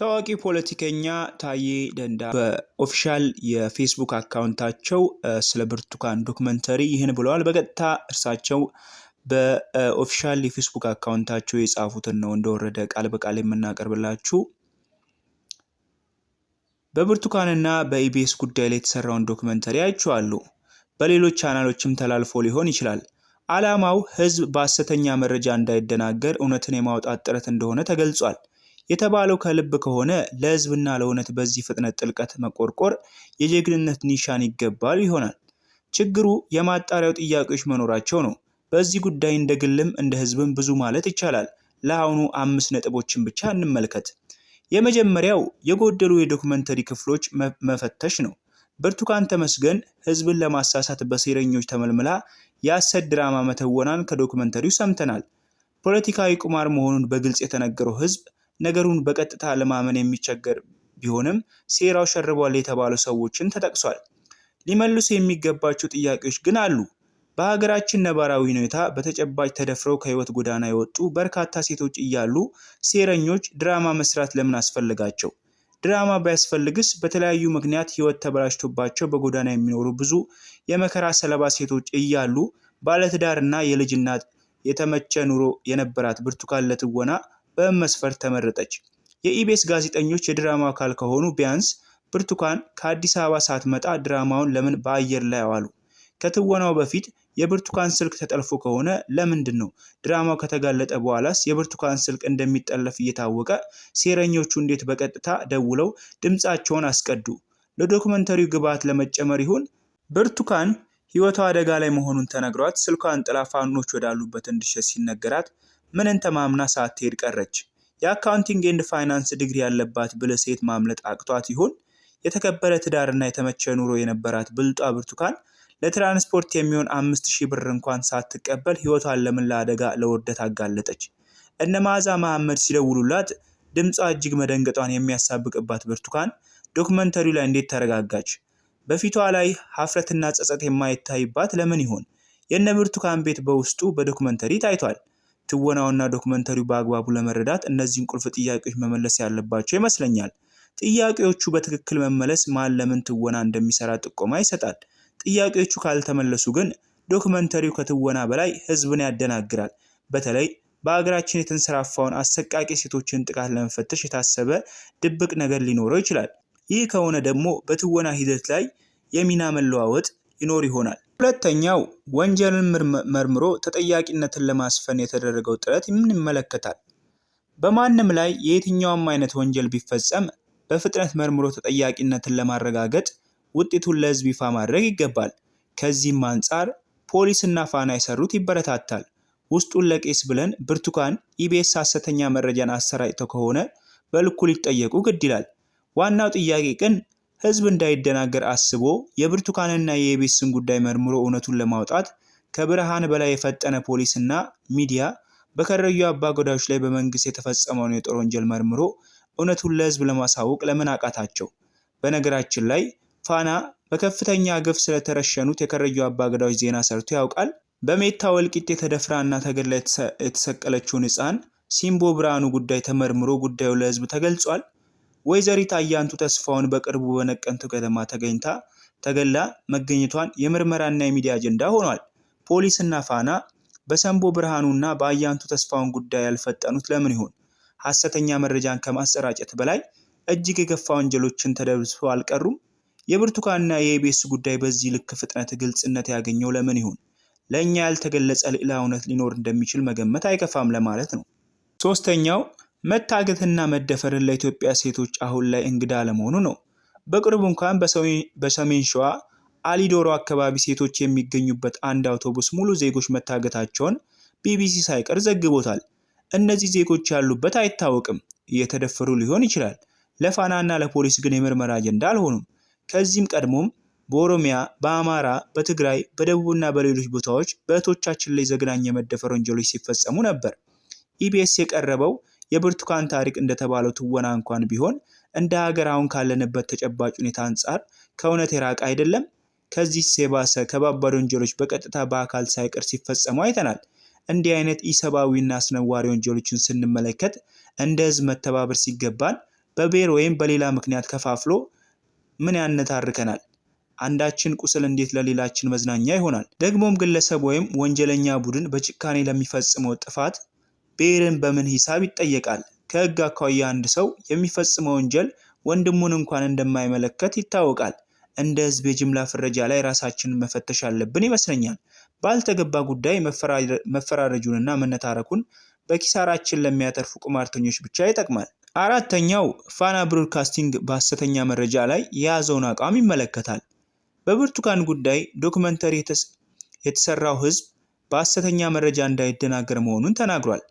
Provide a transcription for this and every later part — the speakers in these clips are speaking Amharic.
ታዋቂ ፖለቲከኛ ታዬ ደንዳ በኦፊሻል የፌስቡክ አካውንታቸው ስለ ብርቱካን ዶክመንተሪ ይህን ብለዋል። በቀጥታ እርሳቸው በኦፊሻል የፌስቡክ አካውንታቸው የጻፉትን ነው እንደወረደ ቃል በቃል የምናቀርብላችሁ። በብርቱካንና በኢቢኤስ ጉዳይ ላይ የተሰራውን ዶክመንተሪ አይቼዋሉ። በሌሎች ቻናሎችም ተላልፎ ሊሆን ይችላል። ዓላማው ህዝብ በሐሰተኛ መረጃ እንዳይደናገር እውነትን የማውጣት ጥረት እንደሆነ ተገልጿል። የተባለው ከልብ ከሆነ ለህዝብና ለእውነት በዚህ ፍጥነት ጥልቀት መቆርቆር የጀግንነት ኒሻን ይገባል ይሆናል። ችግሩ የማጣሪያው ጥያቄዎች መኖራቸው ነው። በዚህ ጉዳይ እንደ ግልም እንደ ህዝብም ብዙ ማለት ይቻላል። ለአሁኑ አምስት ነጥቦችን ብቻ እንመልከት። የመጀመሪያው የጎደሉ የዶክመንተሪ ክፍሎች መፈተሽ ነው። ብርቱካን ተመስገን ህዝብን ለማሳሳት በሴረኞች ተመልምላ የአሰድ ድራማ መተወናን ከዶክመንተሪው ሰምተናል። ፖለቲካዊ ቁማር መሆኑን በግልጽ የተነገረው ህዝብ። ነገሩን በቀጥታ ለማመን የሚቸገር ቢሆንም ሴራው ሸርቧል የተባሉ ሰዎችን ተጠቅሷል። ሊመልሱ የሚገባቸው ጥያቄዎች ግን አሉ። በሀገራችን ነባራዊ ሁኔታ በተጨባጭ ተደፍረው ከህይወት ጎዳና የወጡ በርካታ ሴቶች እያሉ ሴረኞች ድራማ መስራት ለምን አስፈልጋቸው? ድራማ ባያስፈልግስ በተለያዩ ምክንያት ህይወት ተበላሽቶባቸው በጎዳና የሚኖሩ ብዙ የመከራ ሰለባ ሴቶች እያሉ ባለትዳርና የልጅ እናት የተመቸ ኑሮ የነበራት ብርቱካን ለትወና በመስፈርት ተመረጠች። የኢቢኤስ ጋዜጠኞች የድራማው አካል ከሆኑ ቢያንስ ብርቱካን ከአዲስ አበባ ሳትመጣ ድራማውን ለምን በአየር ላይ አዋሉ? ከትወናው በፊት የብርቱካን ስልክ ተጠልፎ ከሆነ ለምንድን ነው ድራማው ከተጋለጠ በኋላስ የብርቱካን ስልክ እንደሚጠለፍ እየታወቀ ሴረኞቹ እንዴት በቀጥታ ደውለው ድምፃቸውን አስቀዱ? ለዶክመንተሪው ግብዓት ለመጨመር ይሆን? ብርቱካን ሕይወቷ አደጋ ላይ መሆኑን ተነግሯት ስልኳን ጥላ ፋኖች ወዳሉበት እንድሸሽ ሲነገራት ምንን ተማምና ሳትሄድ ቀረች? የአካውንቲንግ ኤንድ ፋይናንስ ዲግሪ ያለባት ብልህ ሴት ማምለጥ አቅቷት ይሆን? የተከበረ ትዳርና የተመቸ ኑሮ የነበራት ብልጧ ብርቱካን ለትራንስፖርት የሚሆን አምስት ሺህ ብር እንኳን ሳትቀበል ህይወቷን ለምን ለአደጋ ለውርደት አጋለጠች? እነ መዓዛ መሐመድ ሲደውሉላት ድምጿ እጅግ መደንገጧን የሚያሳብቅባት ብርቱካን ዶክመንተሪው ላይ እንዴት ተረጋጋች? በፊቷ ላይ ሀፍረትና ጸጸት የማይታይባት ለምን ይሆን? የነ ብርቱካን ቤት በውስጡ በዶክመንተሪ ታይቷል። ትወናውና ዶክመንተሪው በአግባቡ ለመረዳት እነዚህን ቁልፍ ጥያቄዎች መመለስ ያለባቸው ይመስለኛል። ጥያቄዎቹ በትክክል መመለስ ማን ለምን ትወና እንደሚሰራ ጥቆማ ይሰጣል። ጥያቄዎቹ ካልተመለሱ ግን ዶክመንተሪው ከትወና በላይ ህዝብን ያደናግራል። በተለይ በሀገራችን የተንሰራፋውን አሰቃቂ ሴቶችን ጥቃት ለመፈተሽ የታሰበ ድብቅ ነገር ሊኖረው ይችላል። ይህ ከሆነ ደግሞ በትወና ሂደት ላይ የሚና መለዋወጥ ይኖር ይሆናል። ሁለተኛው ወንጀልን መርምሮ ተጠያቂነትን ለማስፈን የተደረገው ጥረት ይመለከታል። በማንም ላይ የየትኛውም አይነት ወንጀል ቢፈጸም በፍጥነት መርምሮ ተጠያቂነትን ለማረጋገጥ ውጤቱን ለሕዝብ ይፋ ማድረግ ይገባል። ከዚህም አንጻር ፖሊስና ፋና የሰሩት ይበረታታል። ውስጡን ለቄስ ብለን ብርቱካን ኢቢኤስ ሐሰተኛ መረጃን አሰራጭተው ከሆነ በልኩ ሊጠየቁ ግድ ይላል። ዋናው ጥያቄ ግን ህዝብ እንዳይደናገር አስቦ የብርቱካንና የኢቢኤስን ጉዳይ መርምሮ እውነቱን ለማውጣት ከብርሃን በላይ የፈጠነ ፖሊስና ሚዲያ በከረዩ አባገዳዎች ላይ በመንግስት የተፈጸመውን የጦር ወንጀል መርምሮ እውነቱን ለህዝብ ለማሳወቅ ለምን አቃታቸው? በነገራችን ላይ ፋና በከፍተኛ ግፍ ስለተረሸኑት የከረዩ አባገዳዎች ዜና ሰርቶ ያውቃል? በሜታ ወልቂጤ የተደፍራ እና ተገድላ የተሰቀለችውን ህፃን ሲምቦ ብርሃኑ ጉዳይ ተመርምሮ ጉዳዩ ለህዝብ ተገልጿል? ወይዘሪት አያንቱ ተስፋውን በቅርቡ በነቀንቱ ከተማ ተገኝታ ተገላ መገኘቷን የምርመራና የሚዲያ አጀንዳ ሆኗል። ፖሊስና ፋና በሰንቦ ብርሃኑና በአያንቱ ተስፋውን ጉዳይ ያልፈጠኑት ለምን ይሆን? ሐሰተኛ መረጃን ከማሰራጨት በላይ እጅግ የገፋ ወንጀሎችን ተደብሰው አልቀሩም። የብርቱካንና የኢቢኤስ ጉዳይ በዚህ ልክ ፍጥነት ግልጽነት ያገኘው ለምን ይሆን? ለእኛ ያልተገለጸ ሌላ እውነት ሊኖር እንደሚችል መገመት አይከፋም ለማለት ነው። ሶስተኛው መታገትና መደፈርን ለኢትዮጵያ ሴቶች አሁን ላይ እንግዳ አለመሆኑ ነው። በቅርቡ እንኳን በሰሜን ሸዋ አሊዶሮ አካባቢ ሴቶች የሚገኙበት አንድ አውቶቡስ ሙሉ ዜጎች መታገታቸውን ቢቢሲ ሳይቀር ዘግቦታል። እነዚህ ዜጎች ያሉበት አይታወቅም፣ እየተደፈሩ ሊሆን ይችላል። ለፋናና ለፖሊስ ግን የምርመራ አጀንዳ አልሆኑም። ከዚህም ቀድሞም በኦሮሚያ፣ በአማራ፣ በትግራይ፣ በደቡብና በሌሎች ቦታዎች በእህቶቻችን ላይ ዘግናኝ የመደፈር ወንጀሎች ሲፈጸሙ ነበር። ኢቢኤስ የቀረበው የብርቱካን ታሪክ እንደተባለው ትወና እንኳን ቢሆን እንደ ሀገር አሁን ካለንበት ተጨባጭ ሁኔታ አንጻር ከእውነት የራቀ አይደለም። ከዚህ ሴባሰ ከባባድ ወንጀሎች በቀጥታ በአካል ሳይቀር ሲፈጸሙ አይተናል። እንዲህ አይነት ኢሰብአዊና አስነዋሪ ወንጀሎችን ስንመለከት እንደ ህዝብ መተባበር ሲገባን በብሔር ወይም በሌላ ምክንያት ከፋፍሎ ምን ያነታርከናል? አንዳችን ቁስል እንዴት ለሌላችን መዝናኛ ይሆናል? ደግሞም ግለሰብ ወይም ወንጀለኛ ቡድን በጭካኔ ለሚፈጽመው ጥፋት ብሔርን በምን ሂሳብ ይጠየቃል? ከህግ አኳያ አንድ ሰው የሚፈጽመው ወንጀል ወንድሙን እንኳን እንደማይመለከት ይታወቃል። እንደ ህዝብ የጅምላ ፍረጃ ላይ ራሳችንን መፈተሽ ያለብን ይመስለኛል። ባልተገባ ጉዳይ መፈራረጁንና መነታረኩን በኪሳራችን ለሚያተርፉ ቁማርተኞች ብቻ ይጠቅማል። አራተኛው ፋና ብሮድካስቲንግ በሐሰተኛ መረጃ ላይ የያዘውን አቋም ይመለከታል። በብርቱካን ጉዳይ ዶክመንተሪ የተሰራው ህዝብ በሐሰተኛ መረጃ እንዳይደናገር መሆኑን ተናግሯል።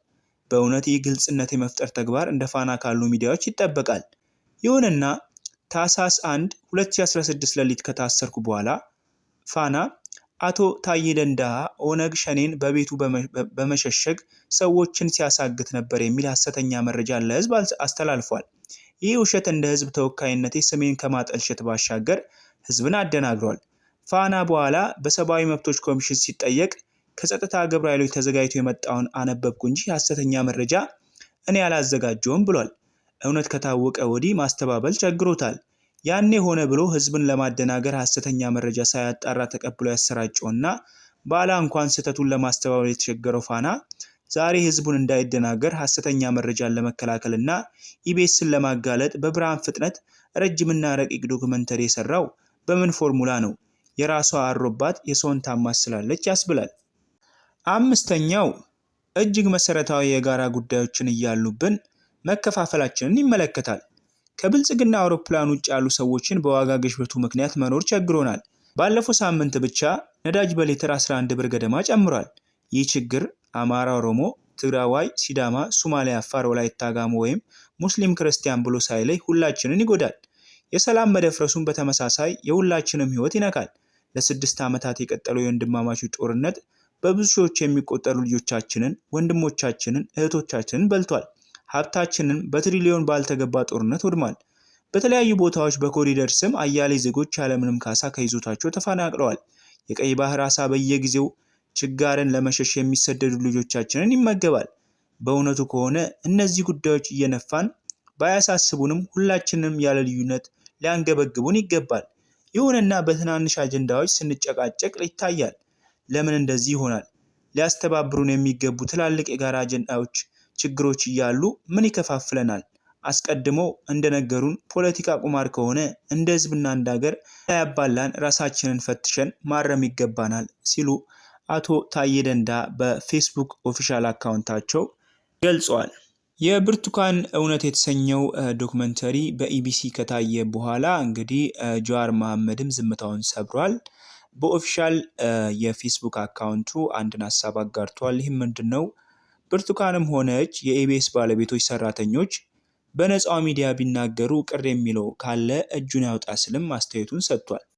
በእውነት ይህ ግልጽነት የመፍጠር ተግባር እንደ ፋና ካሉ ሚዲያዎች ይጠበቃል። ይሁንና ታህሳስ 1 2016 ሌሊት ከታሰርኩ በኋላ ፋና አቶ ታዬ ኦነግ ሸኔን በቤቱ በመሸሸግ ሰዎችን ሲያሳግት ነበር የሚል ሐሰተኛ መረጃ ለህዝብ አስተላልፏል። ይህ ውሸት እንደ ተወካይነት ተወካይነቴ ስሜን ከማጠልሸት ባሻገር ህዝብን አደናግሯል። ፋና በኋላ በሰብአዊ መብቶች ኮሚሽን ሲጠየቅ ከጸጥታ ግብረ ኃይሎች ተዘጋጅቶ የመጣውን አነበብኩ እንጂ ሐሰተኛ መረጃ እኔ አላዘጋጀውም ብሏል። እውነት ከታወቀ ወዲህ ማስተባበል ቸግሮታል። ያኔ ሆነ ብሎ ህዝብን ለማደናገር ሐሰተኛ መረጃ ሳያጣራ ተቀብሎ ያሰራጨውና ባላ እንኳን ስህተቱን ለማስተባበል የተቸገረው ፋና ዛሬ ህዝቡን እንዳይደናገር ሐሰተኛ መረጃን ለመከላከልና ኢቢኤስን ለማጋለጥ በብርሃን ፍጥነት ረጅምና ረቂቅ ዶክመንተሪ የሰራው በምን ፎርሙላ ነው? የራሷ አሮባት የሰውን ታማስ ስላለች ያስብላል። አምስተኛው እጅግ መሰረታዊ የጋራ ጉዳዮችን እያሉብን መከፋፈላችንን ይመለከታል። ከብልጽግና አውሮፕላን ውጭ ያሉ ሰዎችን በዋጋ ግሽበቱ ምክንያት መኖር ቸግሮናል። ባለፈው ሳምንት ብቻ ነዳጅ በሊትር 11 ብር ገደማ ጨምሯል። ይህ ችግር አማራ፣ ኦሮሞ፣ ትግራዋይ፣ ሲዳማ፣ ሶማሌ አፋር፣ ወላይታ ጋሞ ወይም ሙስሊም ክርስቲያን ብሎ ሳይለይ ሁላችንን ይጎዳል። የሰላም መደፍረሱን በተመሳሳይ የሁላችንም ሕይወት ይነካል። ለስድስት ዓመታት የቀጠለው የወንድማማቾች ጦርነት በብዙ ሺዎች የሚቆጠሩ ልጆቻችንን፣ ወንድሞቻችንን፣ እህቶቻችንን በልቷል። ሀብታችንን በትሪሊዮን ባልተገባ ጦርነት ወድሟል። በተለያዩ ቦታዎች በኮሪደር ስም አያሌ ዜጎች ያለምንም ካሳ ከይዞታቸው ተፈናቅለዋል። የቀይ ባህር አሳ በየጊዜው ችጋርን ለመሸሽ የሚሰደዱ ልጆቻችንን ይመገባል። በእውነቱ ከሆነ እነዚህ ጉዳዮች እየነፋን ባያሳስቡንም ሁላችንም ያለ ልዩነት ሊያንገበግቡን ይገባል። ይሁንና በትናንሽ አጀንዳዎች ስንጨቃጨቅ ይታያል። ለምን እንደዚህ ይሆናል? ሊያስተባብሩን የሚገቡ ትላልቅ የጋራ አጀንዳዎች፣ ችግሮች እያሉ ምን ይከፋፍለናል? አስቀድሞ እንደነገሩን ፖለቲካ ቁማር ከሆነ እንደ ህዝብና እንደ ሀገር ያባላን ራሳችንን ፈትሸን ማረም ይገባናል ሲሉ አቶ ታዬ ደንዳ በፌስቡክ ኦፊሻል አካውንታቸው ገልጸዋል። የብርቱካን እውነት የተሰኘው ዶክመንተሪ በኢቢሲ ከታየ በኋላ እንግዲህ ጀዋር መሐመድም ዝምታውን ሰብሯል። በኦፊሻል የፌስቡክ አካውንቱ አንድን ሀሳብ አጋርቷል። ይህም ምንድን ነው? ብርቱካንም ሆነች የኢቢኤስ ባለቤቶች ሰራተኞች በነፃው ሚዲያ ቢናገሩ ቅር የሚለው ካለ እጁን ያውጣ ስልም አስተያየቱን ሰጥቷል።